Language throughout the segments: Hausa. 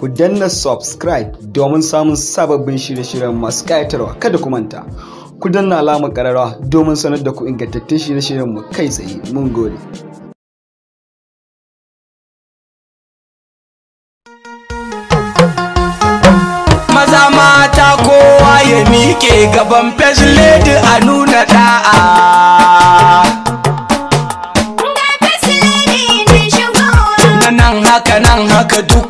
ku danna subscribe domin samun sababbin shirye-shiryen masu ƙayatarwa kada ku manta ku danna alama ƙararrawa domin sanar da ku ingantattun shirye-shiryen mu kai tsaye mun gode maza mata kowa ya miƙe gaban first lady a nuna da'a nan haka nan haka duk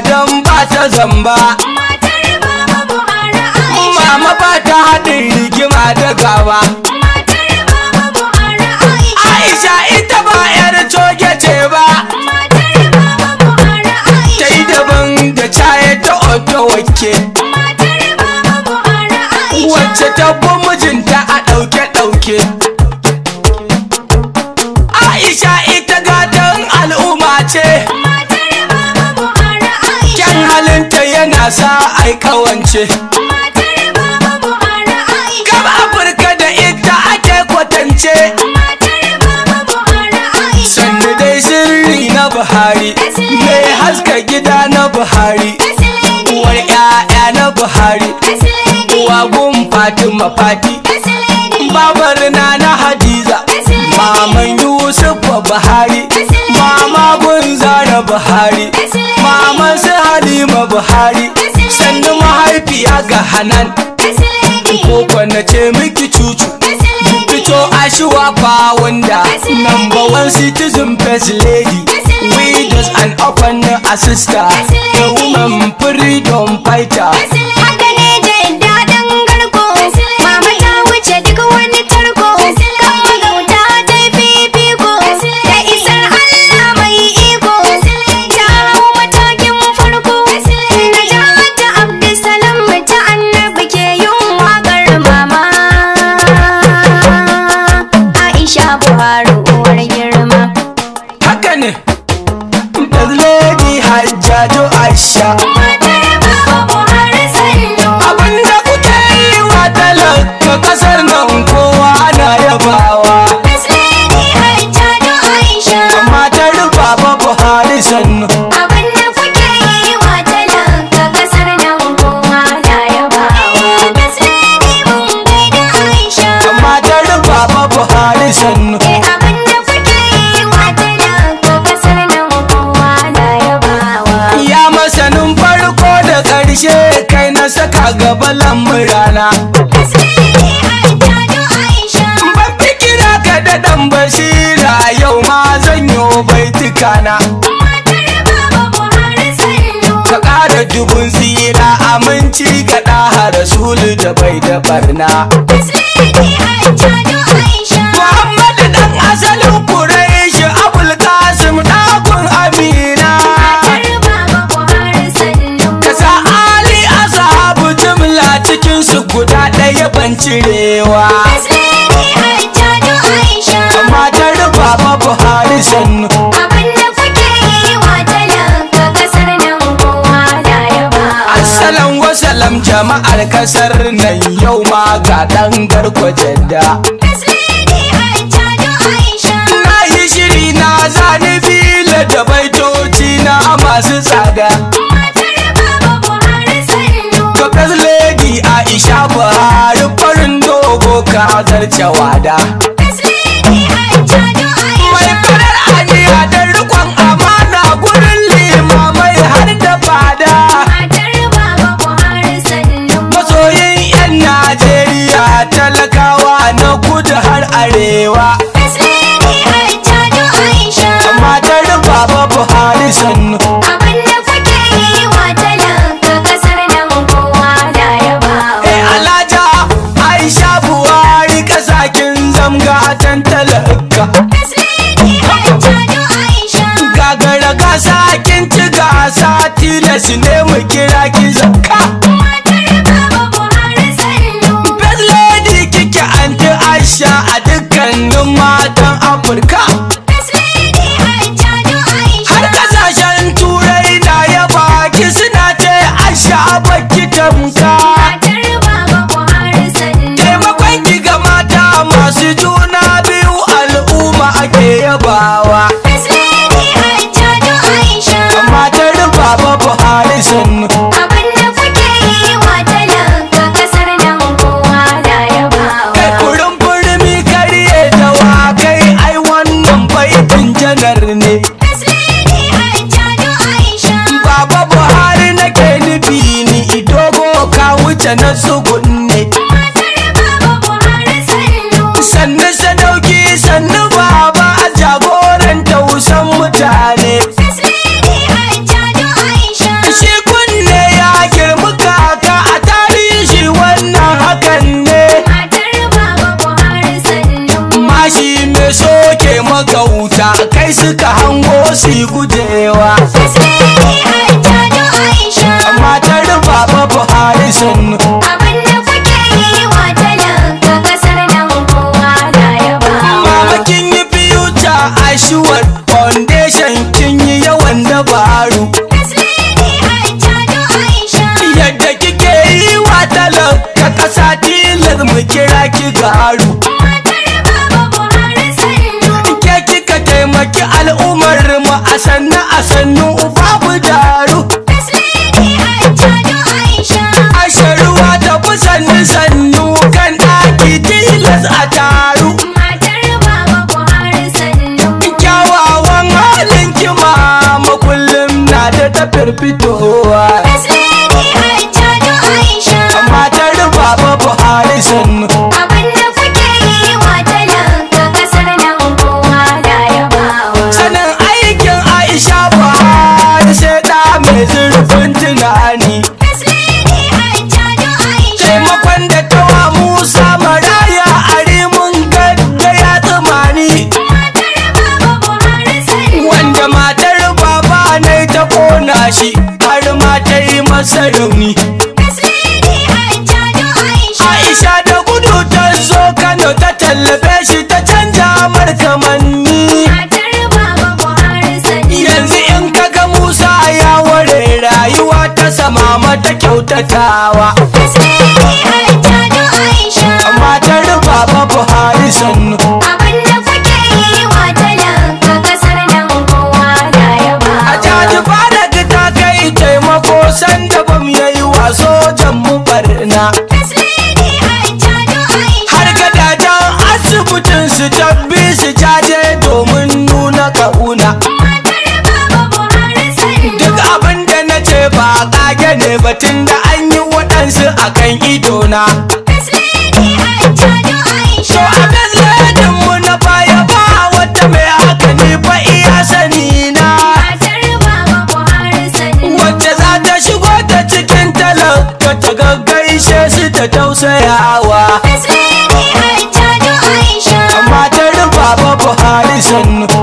duniya don ba ta zamba Matar Mama ba ta haɗin rigima da gawa matasa ai kawance gaba afirka da ita ake kwatance sannu dai sirri na buhari mai haska gida na buhari uwar 'ya'ya na buhari uwa gun fatima fati babar na na hadiza maman yusuf buhari mama gun zara buhari Halima Buhari sannu mahaifiya ga Hanan ko na ce miki cucu fito ashiwa fa wanda number one citizen best lady we just an open a sister the woman freedom fighter kana ka ƙara dubun tsira aminci ga ɗaha rasulu da bai da barna muhammadu ɗan asalin kureshi abul kasim ɗakun amina ka sa ali asahabu jimla cikinsu guda ɗaya ban cirewa jama'ar kasar nan yau ma ga ɗan garko jadda na yi shiri na zane fila da baitoci na masu tsada Bakas Lady Aisha Buhari farin dogo ka zarce wada. sun abin da kuke yi wa talaka kasar nan kowa da yaba eh alaja aisha buhari kasakin zamga tan talaka gagara gasa kin ci gasa tilas ne mu kira ki baki tamka taimakon ki ga mata masu juna biyu al'umma ake yabawa aisha. matar baba buhari sannu abinda kuke yi wa talaka kasar nan kowa da yabawa kurin furmi kariye da wakai ai wannan baitin janar kai suka hango su gujewa sarauni Aisha da gudu ta zo Kano ta tallafe shi ta canja mar kamanni Yanzu in ka ga Musa ya ware rayuwa ta samama ta kyautatawa Matar Baba Buhari sannu batun da an yi waɗansu a kan idona So abin ladin mu na baya ba wata mai aka ne ba iya sani na Wacce za ta shigo ta cikin talaka ta gaggaishe su ta tausayawa Matar Baba Buhari sannu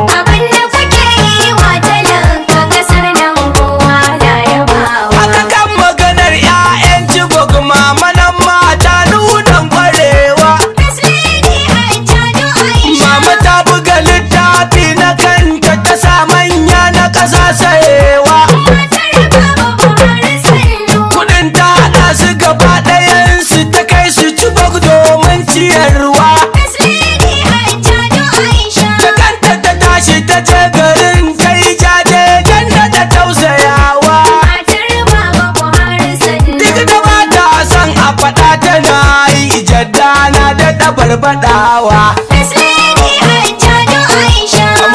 hawa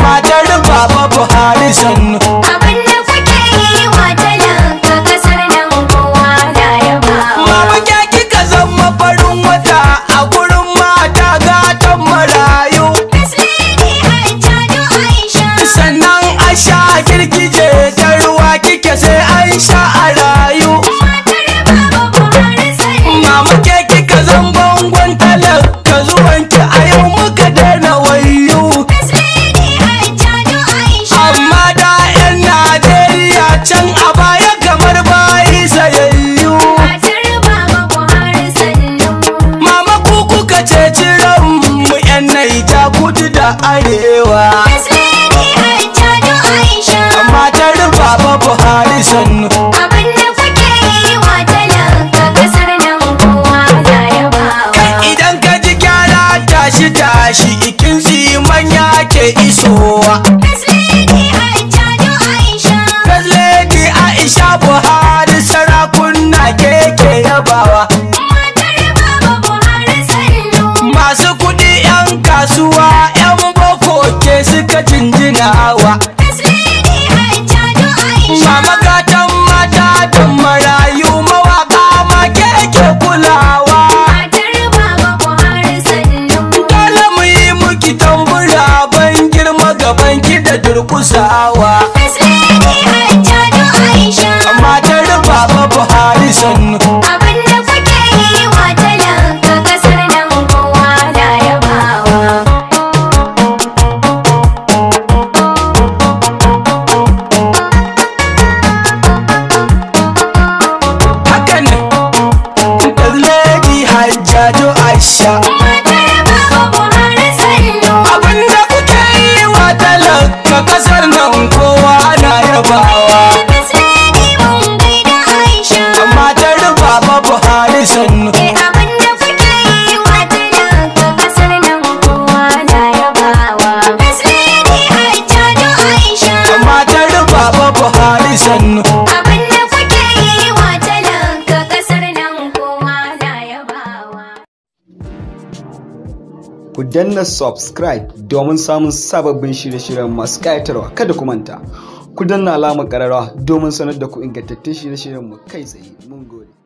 matar baba buhari sannu Matar Baba Buhari sannu banki da durkusawa. Sai ni hajjadu Aisha. Amma ta rufa babu Buhari sannu. danna subscribe domin samun sababbin shirye-shiryen masu kayatarwa, kada ku manta ku danna alamar kararwa domin sanar da ku ingantattun shirye-shiryen mu kai tsaye mun gode